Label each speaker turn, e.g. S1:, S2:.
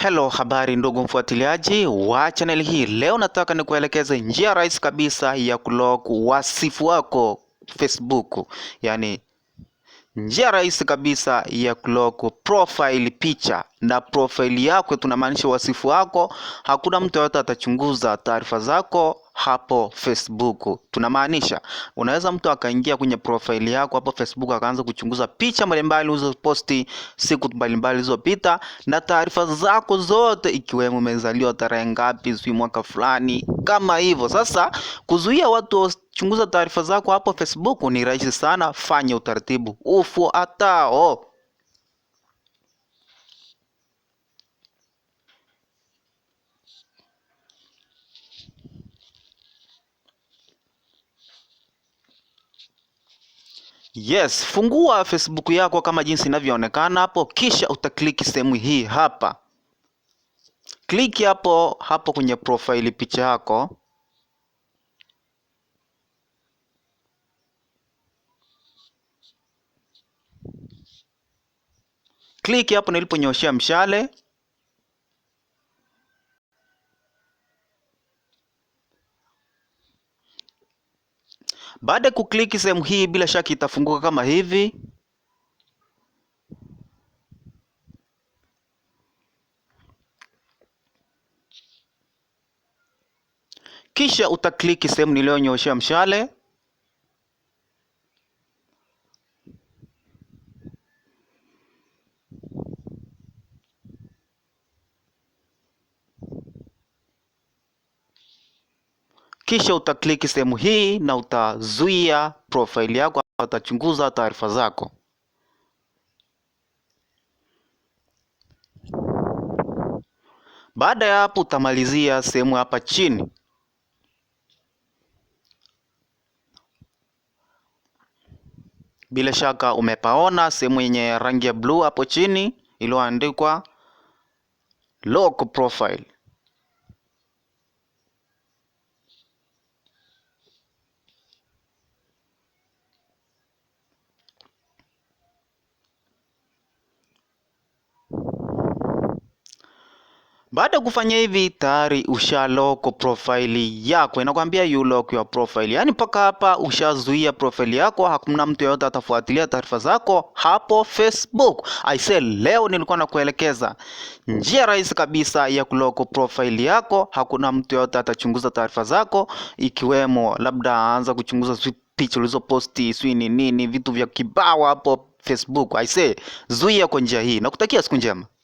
S1: Hello, habari ndugu mfuatiliaji wa chaneli hii. Leo nataka nikuelekeze njia rahisi kabisa ya kulock wasifu wako Facebook, yani Njia rahisi kabisa ya kuloko profile picha na profile yako, tunamaanisha wasifu wako. Hakuna mtu yoyote atachunguza taarifa zako hapo Facebook. Tunamaanisha unaweza mtu akaingia kwenye profile yako hapo Facebook akaanza kuchunguza picha mbalimbali ulizoposti siku mbalimbali zilizopita na taarifa zako zote, ikiwemo umezaliwa tarehe ngapi, sijui mwaka fulani, kama hivyo. Sasa kuzuia watu chunguza taarifa zako hapo Facebook ni rahisi sana, fanya utaratibu ufuatao. Yes, fungua Facebook yako kama jinsi inavyoonekana hapo, kisha utakliki sehemu hii hapa. Kliki hapo hapo kwenye profile picha yako. click hapo niliponyoshea mshale Baada ya kukliki sehemu hii, bila shaka itafunguka kama hivi. Kisha utakliki sehemu niliyonyoshea mshale. Kisha utakliki sehemu hii na utazuia profile yako, atachunguza taarifa zako. Baada ya hapo, utamalizia sehemu hapa chini. Bila shaka umepaona sehemu yenye rangi ya bluu hapo chini iliyoandikwa lock profile. Baada ya kufanya hivi tayari lock profile yako, inakwambia you lock your profile. Yaani mpaka hapa ushazuia profile yako, hakuna mtu yeyote atafuatilia taarifa zako hapo Facebook. I say leo nilikuwa nakuelekeza njia rahisi kabisa ya kuloko profile yako, hakuna mtu yeyote atachunguza taarifa zako, ikiwemo labda anza kuchunguza picha ulizoposti, swi ni nini, vitu vya kibao hapo Facebook. I say zuia kwa njia hii, nakutakia siku njema.